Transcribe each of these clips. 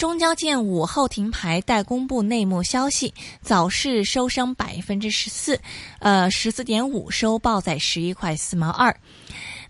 中交建午後停牌，待公布內幕消息。早市收升百分之十四，呃，十四點五收報在十一塊四毛二。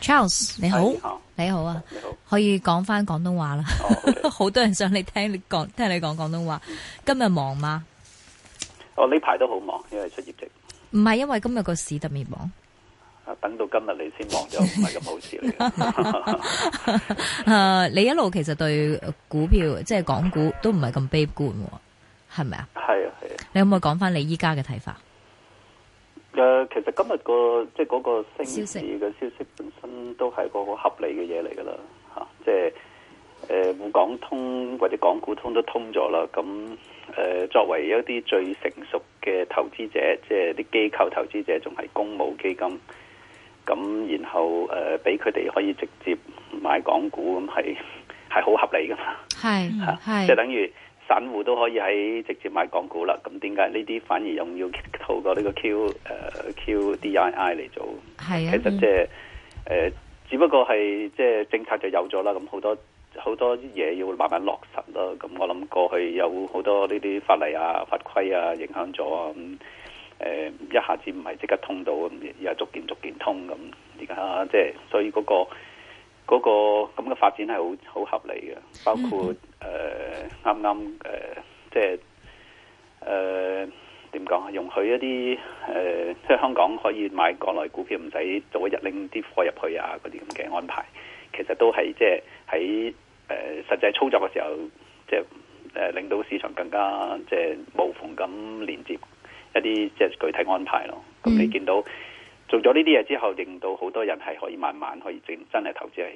Charles，你好，好你好啊，好可以講翻廣東話啦，好、oh, okay. 多人想你聽你講，聽你講廣東話。今日忙嗎？哦，呢排都好忙，因為出業績。唔係因為今日個市特別忙，啊，等到今日你先忙就唔係咁好事嚟嘅。你一路其實對股票即係、就是、港股都唔係咁悲觀，係咪 啊？係啊係啊。你可唔可以講翻你依家嘅睇法？誒，其實今日、就是、個即係嗰個升市嘅消息本身都係個好合理嘅嘢嚟㗎啦，嚇、就是！即係誒，滬港通或者港股通都通咗啦。咁誒、呃，作為一啲最成熟嘅投資者，即係啲機構投資者，仲係公募基金，咁然後誒，俾佢哋可以直接買港股，咁係係好合理噶嘛？係嚇，即係、啊、等於。散戶都可以喺直接買港股啦，咁點解呢啲反而用要透過呢個 Q 誒、呃、QDII 嚟做？係啊，其實即係誒，只不過係即係政策就有咗啦，咁好多好多嘢要慢慢落實咯。咁我諗過去有好多呢啲法例啊、法規啊影響咗，咁、嗯、誒、呃、一下子唔係即刻通到，又逐件逐件通咁。而家即係所以嗰、嗰個嗰、嗰個咁嘅、嗰個、發展係好好合理嘅，包括嗯嗯。啱啱誒，即係誒，點講啊？容許一啲誒，即、呃、係香港可以買國內股票唔使早一日拎啲貨入去啊，嗰啲咁嘅安排，其實都係即係喺誒實際操作嘅時候，即係誒、呃、令到市場更加即係無縫咁連接一啲即係具體安排咯。咁你見到、嗯、做咗呢啲嘢之後，令到好多人係可以慢慢可以整真係投資喺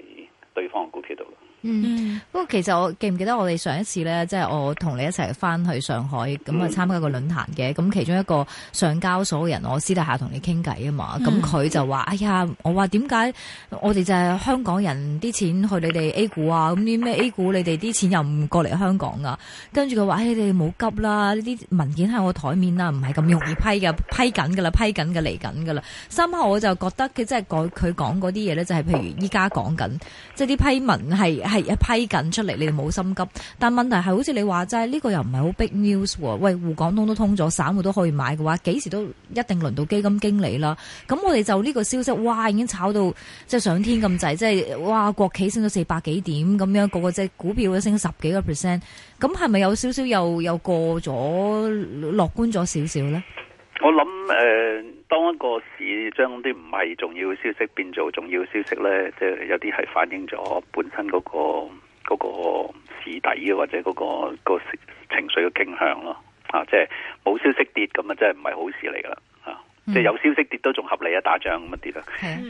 對方嘅股票度。嗯，不過、嗯、其實我記唔記得我哋上一次咧，即係我同你一齊翻去上海咁啊參加一個論壇嘅，咁其中一個上交所嘅人，我私底下同你傾偈啊嘛，咁佢就話，哎呀，我話點解我哋就係香港人啲錢去你哋 A 股啊，咁啲咩 A 股你哋啲錢又唔過嚟香港啊。」跟住佢話，哎，你哋冇急啦，呢啲文件喺我台面啦，唔係咁容易批㗎。批緊噶啦，批緊嘅嚟緊噶啦。三後我就覺得佢真係改，佢講嗰啲嘢咧就係，譬如依家講緊，即係啲批文係。係一批緊出嚟，你哋冇心急。但問題係，好似你話齋，呢個又唔係好 big news 喎。喂，滬港通都通咗，散戶都可以買嘅話，幾時都一定輪到基金經理啦。咁我哋就呢個消息，哇，已經炒到即係上天咁滯，即係哇，國企升咗四百幾點咁樣，個個隻股票都升十幾個 percent。咁係咪有少少又又過咗樂觀咗少少咧？我諗誒。呃當一個市將啲唔係重要消息變做重要消息咧，即係有啲係反映咗本身嗰個嗰個市底啊，或者嗰個個情緒嘅傾向咯，即係冇消息跌咁啊，即係唔係好事嚟噶，喇。即係有消息跌都仲合理啊，打仗咁啊跌啦，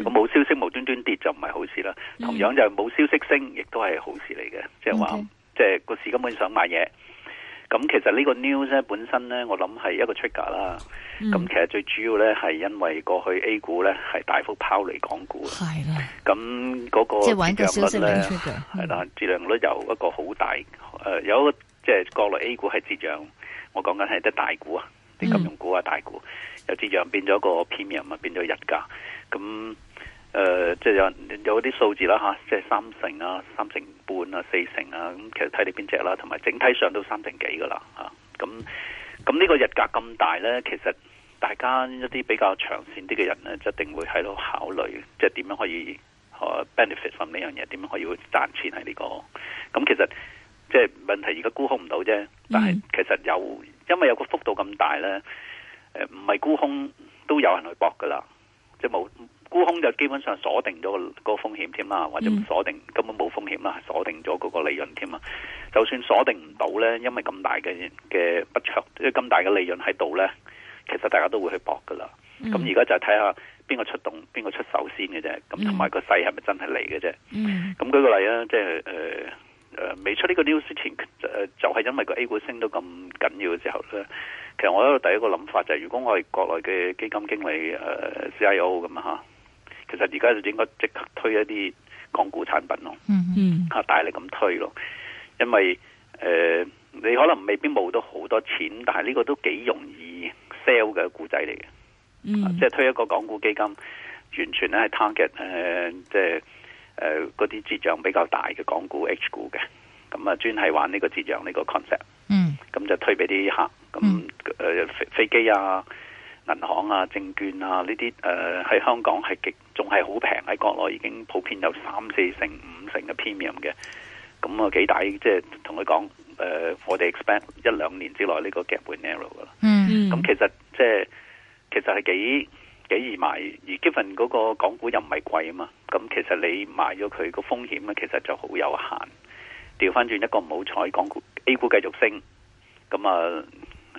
冇消息無端端跌就唔係好事啦，同樣就係冇消息升亦都係好事嚟嘅，即係話即係個市根本想買嘢。咁其實呢個 new 呢個 news 咧本身咧，我諗係一個 trigger 啦。咁、嗯、其實最主要咧係因為過去 A 股咧係大幅拋離港股。係啦的。咁嗰個即係揾啦，嗯、折讓率有一個好大。誒、呃，有一即係、就是、國內 A 股係折讓。我講緊係得大股啊，啲金融股啊大股，由折讓變咗個 premium 啊，變咗溢價。咁誒，即係、呃就是、有有啲數字啦吓，即、啊、係、就是、三成啊，三成半啊，四成啊，咁其實睇你邊隻啦，同埋整體上都三成幾噶啦，吓咁咁呢個日價咁大咧，其實大家一啲比較長線啲嘅人咧，就一定會喺度考慮，即係點樣可以，嗬，benefit from 呢樣嘢，點樣可以賺錢喺呢、這個？咁其實即係問題，而家沽空唔到啫，但係其實有，因為有個幅度咁大咧，誒、呃，唔係沽空都有人去搏噶啦，即係冇。沽空就基本上鎖定咗個個風險添啦，或者唔鎖定、嗯、根本冇風險啦，鎖定咗嗰個利潤添啦。就算鎖定唔到咧，因為咁大嘅嘅不著，即係咁大嘅利潤喺度咧，其實大家都會去搏噶啦。咁而家就係睇下邊個出動、邊個出手先嘅啫。咁同埋個勢係咪真係嚟嘅啫？咁、嗯、舉個例啊，即係誒誒未出呢個 news 之前，誒、呃、就係、是、因為個 A 股升到咁緊要嘅時候咧，其實我喺度第一個諗法就係、是，如果我係國內嘅基金經理誒 CIO 咁啊嚇。呃其實而家就應該即刻推一啲港股產品咯，嗯嗯，嚇大力咁推咯，因為誒、呃、你可能未必冇到好多錢，但係呢個都幾容易 sell 嘅股仔嚟嘅，嗯，即係推一個港股基金，完全咧係 target 誒、呃，即係、呃、誒嗰啲折讓比較大嘅港股 H 股嘅，咁啊專係玩呢個折讓呢個 concept，嗯，咁就推俾啲客，咁誒飛機啊、銀行啊、證券啊呢啲誒喺香港係極。仲係好平喺國內，已經普遍有三四成、五成嘅 Premium 嘅，咁啊幾大？即係同佢講，誒、呃，我哋 expect 一兩年之內呢個 gap 會 narrow 噶啦、mm hmm. 嗯。嗯，咁其實即、就、係、是、其實係幾幾易買而 given 嗰個港股又唔係貴啊嘛，咁其實你買咗佢個風險其實就好有限。調翻轉一個唔好彩，港股 A 股繼續升，咁啊，誒、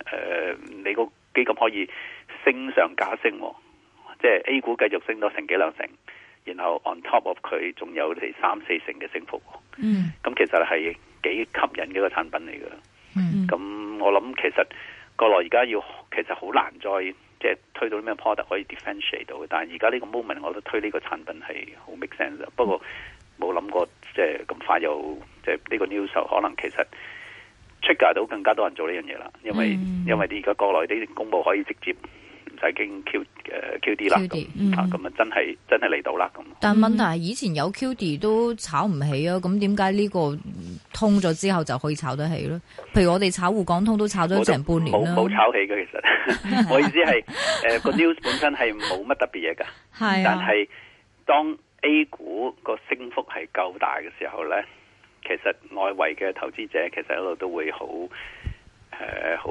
呃，你個基金可以升上加上升、哦。即係 A 股繼續升多成幾兩成，然後 on top of 佢仲有係三四成嘅升幅，咁、mm. 其實係幾吸引嘅一個產品嚟噶。咁、mm. 嗯、我諗其實國內而家要其實好難再即係推到啲咩 product 可以 differentiate 到嘅，但係而家呢個 moment 我都推呢個產品係好 make sense。不過冇諗過即係咁快又即係呢個 news 可能其實出街到更加多人做呢樣嘢啦，因為、mm. 因為你而家國內啲公布可以直接。已經 Q 誒 QD 啦，咁啊真係真係嚟到啦咁。但係問題係以前有 QD 都炒唔起啊，咁點解呢個通咗之後就可以炒得起咧？譬如我哋炒滬港通都炒咗成半年，冇冇炒起嘅其實， 我意思係誒個 news 本身係冇乜特別嘢噶，係。 但係當 A 股個升幅係夠大嘅時候咧，其實外圍嘅投資者其實一路都會好。誒、呃，好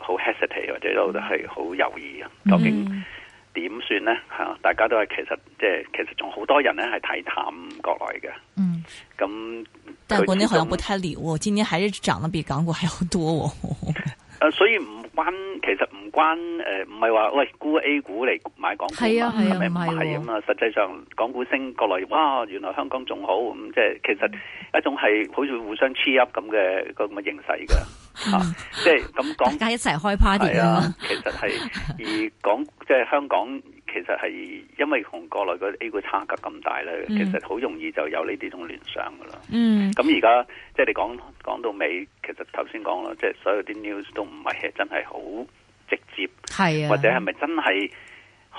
好 hesitate 或者都係好猶豫啊！究竟點算咧？吓、mm. 啊？大家都係其實即係其實仲好多人咧，係睇淡國內嘅。Mm. 嗯，咁但係國內好像不太理，今年還是漲得比港股還要多。誒 、呃，所以唔關，其實唔關，誒、呃，唔係話喂沽 A 股嚟買港股係啊，係啊，唔係啊實際上港股升國內，國內哇，原來香港仲好咁，嗯嗯、即係其實一種係好似互相 cheer up 咁嘅咁嘅形勢嘅。 吓，即係咁講，就是、 家一齊開 party 啲咯。 其實係而講，即、就、係、是、香港，其實係因為同國內嘅 A 股差價咁大咧，嗯、其實好容易就有呢啲種聯想噶啦。嗯，咁而家即係你講講到尾，其實頭先講咯，即、就、係、是、所有啲 news 都唔係真係好直接，係啊，或者係咪真係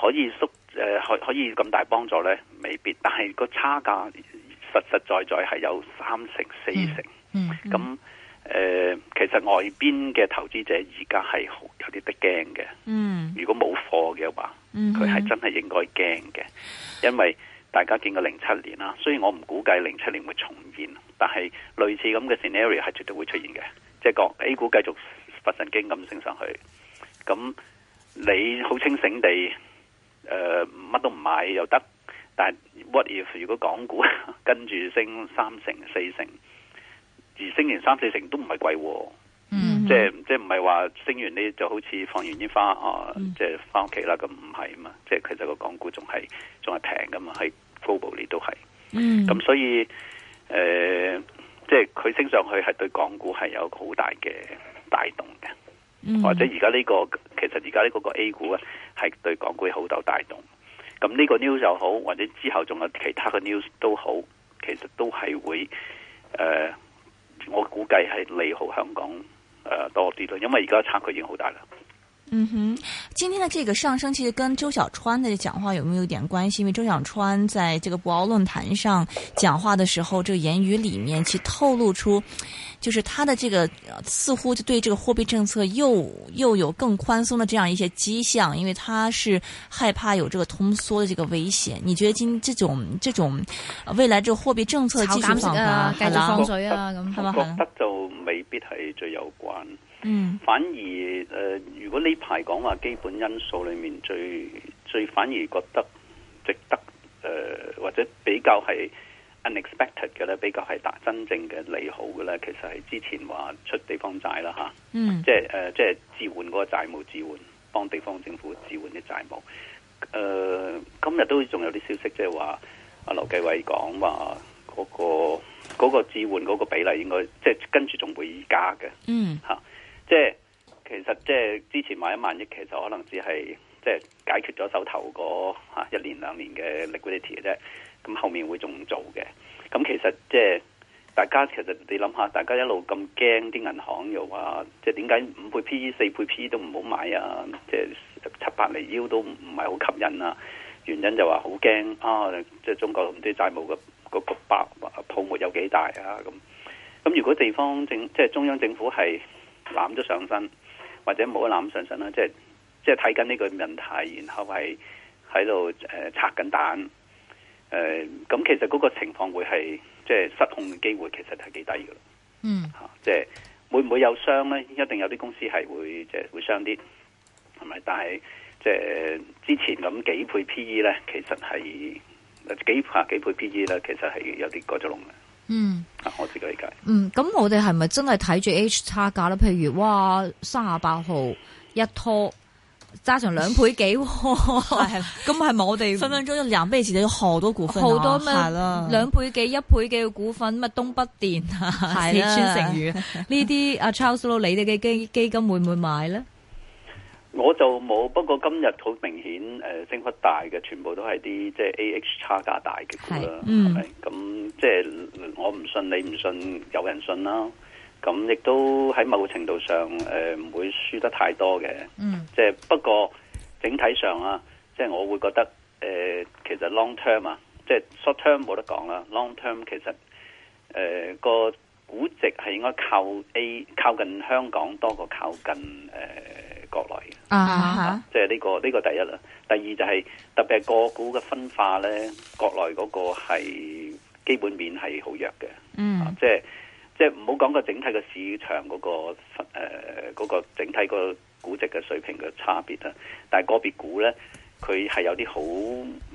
可以縮誒可可以咁大幫助咧？未必，但係個差價實實在在係有三成四成，嗯咁。嗯嗯誒、呃，其實外邊嘅投資者而家係有啲得驚嘅。嗯，如果冇貨嘅話，佢係真係應該驚嘅。嗯、哼因為大家見過零七年啦，雖然我唔估計零七年會重現，但係類似咁嘅 scenario 係絕對會出現嘅。即係講 A 股繼續發神經咁升上去，咁你好清醒地乜、呃、都唔買又得，但係 what if 如果港股跟住升三成四成？而升完三四成都唔係貴，嗯、mm，hmm. 即係即係唔係話升完呢就好似放完煙花啊，呃 mm hmm. 即係翻屋企啦，咁唔係嘛，即係其實個港股仲係仲係平噶嘛，喺全球你都係，嗯、mm，咁、hmm. 所以誒、呃，即係佢升上去係對港股係有好大嘅帶動嘅，mm hmm. 或者而家呢個其實而家呢個個 A 股啊，係對港股好大帶動的，咁呢個 news 又好，或者之後仲有其他嘅 news 都好，其實都係會誒。呃我估計係利好香港誒多啲咯，因為而家差距已經好大啦。嗯哼，今天的這個上升其實跟周小川的講話有沒有一點關係？因為周小川在這個博鰲論壇上講話的時候，這個言語裏面其實透露出，就是他的這個、呃、似乎就對這個貨幣政策又又有更寬鬆的這樣一些跡象，因為他是害怕有這個通縮的這個危險。你覺得今天這種這種未來這個貨幣政策繼續什麼的，採取、啊、放水啊，咁，係可能我就未必係最有關。反而，誒、呃，如果呢排講話基本因素裏面最最反而覺得值得，誒、呃，或者比較係 unexpected 嘅咧，比較係達真正嘅利好嘅咧，其實係之前話出地方債啦吓，啊、嗯即、呃，即係誒，即係置換嗰個債務置換，幫地方政府置換啲債務，誒、呃，今日都仲有啲消息，即係話阿劉繼偉講話嗰個、那個置換嗰個比例應該，即係跟住仲會加嘅，嗯、啊，吓。即係其實即係之前買一萬億，其實可能只係即係解決咗手頭嗰吓一年兩年嘅 liquidity 嘅啫。咁後面會仲做嘅。咁其實即係大家其實你諗下，大家一路咁驚啲銀行又話，即係點解五倍 PE 四倍 PE 都唔好買啊？即係七八厘 U 都唔唔係好吸引啊？原因就話好驚啊！即係中國同啲債務嘅個個爆泡沫有幾大啊？咁咁如果地方政即係中央政府係。攬咗上身，或者冇攬上身啦，即係即係睇緊呢個問題，然後係喺度誒拆緊彈，誒、呃、咁其實嗰個情況會係即係失控嘅機會，其實係幾低嘅，嗯吓，即係、啊即係、會唔會有傷咧？一定有啲公司係會即係、即係、會傷啲，係咪？但係即係之前咁幾倍 PE 咧，其實係幾百幾倍，倍 PE 咧，其實係有啲過咗籠嘅。嗯、啊，我自己理解。嗯，咁我哋係咪真係睇住 H 差價啦？譬如哇，三十八號一拖揸成兩倍幾、哦，咁係咪我哋分分鐘廿倍市底，好 多股份好、啊、 多咩？兩倍幾、一倍幾嘅股份，乜東北電、四川成渝呢啲？阿 Charles， 你哋嘅基基金會唔會買咧？我就冇，不過今日好明顯，誒、呃、升幅大嘅，全部都係啲即係 A H 差價大嘅股啦，係咪？咁即係我唔信，你唔信，有人信啦。咁亦都喺某程度上，誒、呃、唔會輸得太多嘅。嗯，即係、就是、不過整體上啊，即、就、係、是、我會覺得，誒、呃、其實 long term 啊，即、就、係、是、short term 冇得講啦，long term 其實誒、呃那個估值係應該靠 A 靠近香港多過靠近誒、呃、國內嘅。Uh huh. 啊，即係呢個呢、這個第一啦。第二就係、是、特別係個股嘅分化咧，國內嗰個係基本面係好弱嘅。嗯、mm. 啊，即係即係唔好講個整體嘅市場嗰個誒個整體個估值，嘅水平嘅差別啦。但係個別股咧，佢係有啲好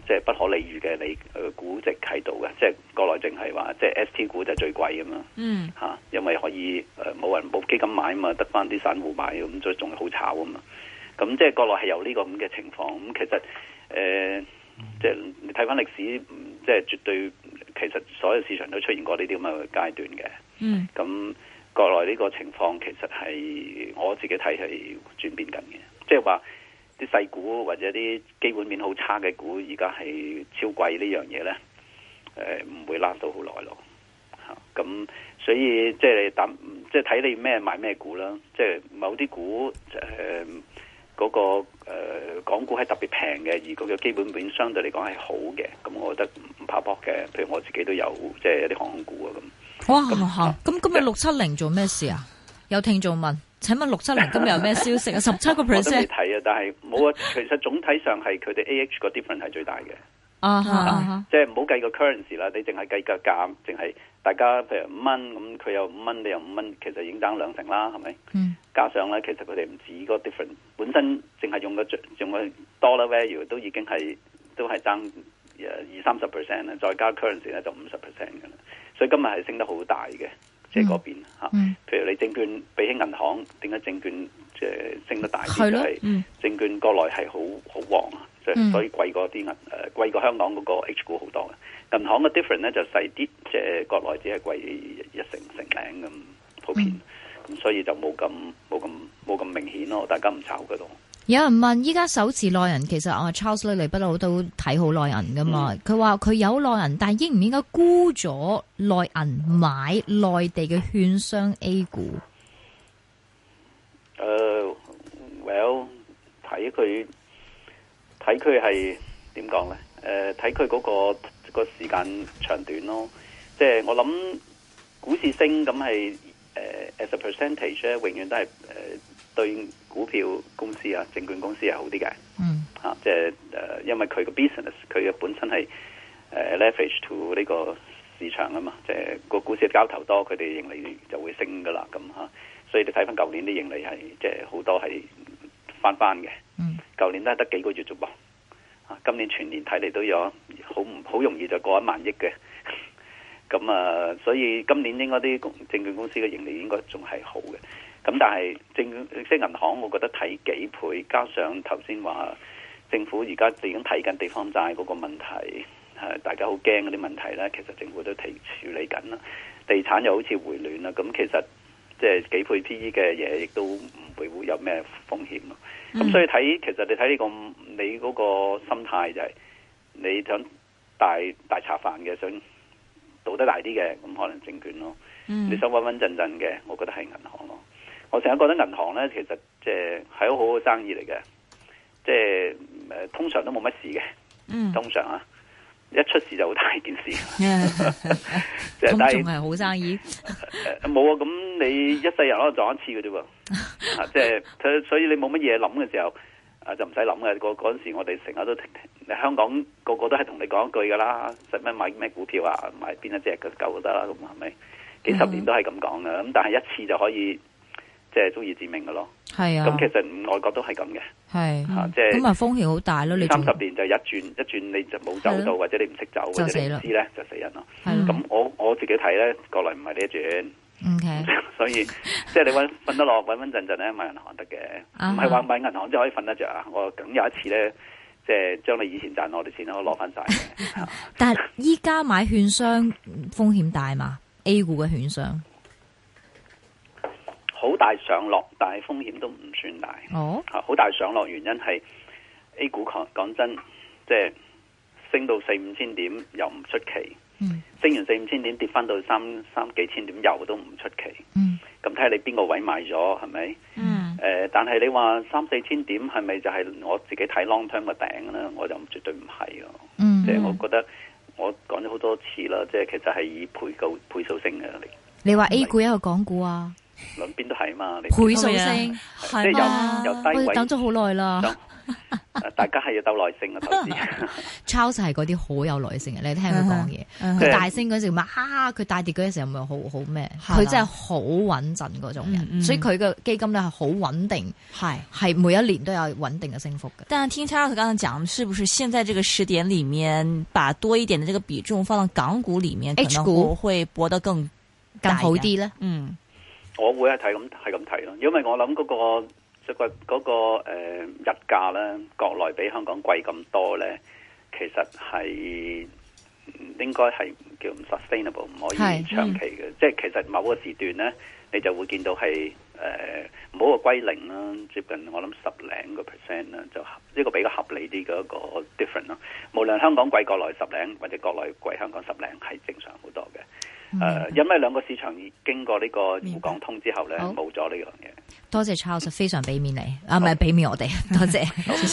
即係不可理喻嘅你誒估值喺度嘅。即、就、係、是、國內淨係話即係 S T 股就是最貴啊嘛。嗯，吓，因為可以誒冇、呃、人冇基金買啊嘛，得返啲散戶買咁，所以仲係好炒啊嘛。咁即係國內係有呢個咁嘅情況，咁其實誒、呃，即係你睇翻歷史，即係絕對其實所有市場都出現過呢啲咁嘅階段嘅。嗯。咁國內呢個情況其實係我自己睇係轉變緊嘅，即係話啲細股或者啲基本面好差嘅股而家係超貴呢樣嘢咧，誒、呃、唔會拉到好耐咯。吓、啊，咁所以即係你等，即係睇你咩買咩股啦，即係某啲股、就係呃嗰、那個、呃、港股係特別平嘅，而個基本面相對嚟講係好嘅，咁我覺得唔怕搏嘅。譬如我自己都有即係啲航空股啊咁。哇嚇！咁今日六七零做咩事啊？有聽眾問，請問六七零今日有咩消息啊？十七個 percent。我睇啊，但係冇啊。其實總體上係佢哋 A H 個 difference 係最大嘅。啊，即係唔好計個 currency 啦，你淨係計個價，淨係大家譬如五蚊咁，佢又五蚊，你又五蚊，其實已經爭兩成啦，係咪？嗯、加上咧，其實佢哋唔止嗰個 different 本身淨係用個用個 dollar value 都已經係都係爭誒二三十 percent 啦，再加 currency 咧就五十 percent 嘅啦。所以今日係升得好大嘅，即係嗰邊吓。譬如你證券比起銀行，點解證券即係、呃、升得大啲？係咯，嗯，證券國內係好好旺啊。所以貴過啲銀，誒、呃、貴過香港嗰個 H 股好多嘅。銀行嘅 difference 咧就細啲，即係國內只係貴一成一成零咁普遍，咁、嗯、所以就冇咁冇咁冇咁明顯咯。大家唔炒嗰度。有人問：依家手持內銀，其實我 Charles 呢嚟不嬲都睇好內銀噶嘛。佢話佢有內銀，但係應唔應該沽咗內銀買內地嘅券商 A 股？誒，Well 睇佢。Well, 睇佢係點講咧？誒，睇佢嗰個、那個時間長短咯。即、就、係、是、我諗，股市升咁係誒，as a percentage 咧，永遠都係誒對股票公司啊、證券公司係好啲嘅。嗯。Mm. 啊，即係誒，因為佢個 business 佢嘅本身係誒、呃、leverage to 呢個市場啊嘛，即係個股市嘅交投多，佢哋盈利就會升噶啦。咁、啊、吓，所以你睇翻舊年啲盈利係即係好多係翻翻嘅。嗯。Mm. 舊年都係得幾個月啫噃，今年全年睇嚟都有好唔好容易就過一萬億嘅，咁啊，所以今年應該啲證券公司嘅盈利應該仲係好嘅，咁但係證券銀行，我覺得睇幾倍，加上頭先話政府而家已經睇緊地方債嗰個問題，係大家好驚嗰啲問題呢。其實政府都提處理緊啦，地產又好似回暖啦，咁其實。即係幾倍 PE 嘅嘢，亦都唔會會有咩風險咯、啊。咁、嗯、所以睇，其實你睇呢、這個你嗰個心態就係、是、你想大大茶飯嘅，想賭得大啲嘅，咁可能證券咯。嗯、你想穩穩陣陣嘅，我覺得係銀行咯。我成日覺得銀行咧，其實即係係好好嘅生意嚟嘅，即係誒通常都冇乜事嘅。嗯，通常啊。嗯一出事就好大件事，咁仲係好生意？冇 啊！咁你一世人可以撞一次嘅啫喎，即係、 就是，所以你冇乜嘢諗嘅時候，就唔使諗嘅。嗰嗰陣時我，我哋成日都聽聽香港個個都係同你講一句噶啦，使乜買咩股票啊？買邊一隻夠就得啦？咁係咪？幾十年都係咁講㗎。咁但係一次就可以，即係足以致命嘅咯。係啊，咁其實外國都係咁嘅，係吓即係咁啊，風險好大咯！你三十年就一轉，啊、一轉你就冇走到，啊、或者你唔識走或者唔知咧就死人咯。咁、啊、我我自己睇咧，國內唔係呢一轉，Okay. 所以即係、就是、你穩瞓得落，穩穩陣陣咧買銀行得嘅，唔係話買銀行即可以瞓、啊、哈得着啊！我梗有一次咧，即係將你以前賺我哋錢都攞翻晒。嗯、 但係依家買券商風險大嘛？A 股嘅券商。好大上落，但係風險都唔算大。哦、oh? 啊，吓好大上落，原因係 A 股強。講真，即、就、係、是、升到四五千點又唔出奇，mm. 升完四五千點跌翻到三三幾千點又都唔出奇。嗯，咁睇下你邊個位賣咗，係咪？嗯，誒，但係你話三四千點係咪就係我自己睇 long term 嘅頂咧？我就絕對唔係咯。嗯、mm，即、hmm. 係我覺得我講咗好多次啦，即、就、係、是、其實係以倍夠倍數升嘅。你話 A 股有一個港股啊？兩邊都係嘛，你倍數升，嗎即係有又低位等咗好耐啦， 大家係要鬥耐性啊，Charles 係嗰啲好有耐性嘅。你聽佢講嘢，佢、嗯、哼大升嗰陣時候，啊，佢大跌嗰陣時候有冇，又咪好好咩？佢的真係好穩陣嗰種人，嗯嗯所以佢嘅基金咧係好穩定，係係是每一年都有穩定嘅升幅嘅。但係聽 Charles 剛才講，是不是現在這個時點裏面，把多一點的這個比重放到港股裏面，H 股會，會博得更更好啲咧？嗯。我會係睇咁係咁睇咯，因為我諗嗰、那個即嗰、那個誒、那個呃、日價咧，國內比香港貴咁多咧，其實係應該係叫唔 sustainable，唔可以長期嘅。嗯、即係其實某個時段咧，你就會見到係誒、呃、唔好個歸零啦，接近我諗十零個 percent 啦，就呢、這個比較合理啲嘅一、那個 difference。無論香港貴國內十零，或者國內貴香港十零，係正常好多嘅。誒、 呃，因為兩個市場已經過呢個滬港通之後咧，冇咗呢樣嘢。多謝 Charles，非常俾面你，嗯、啊唔係俾面我哋，好多謝。 好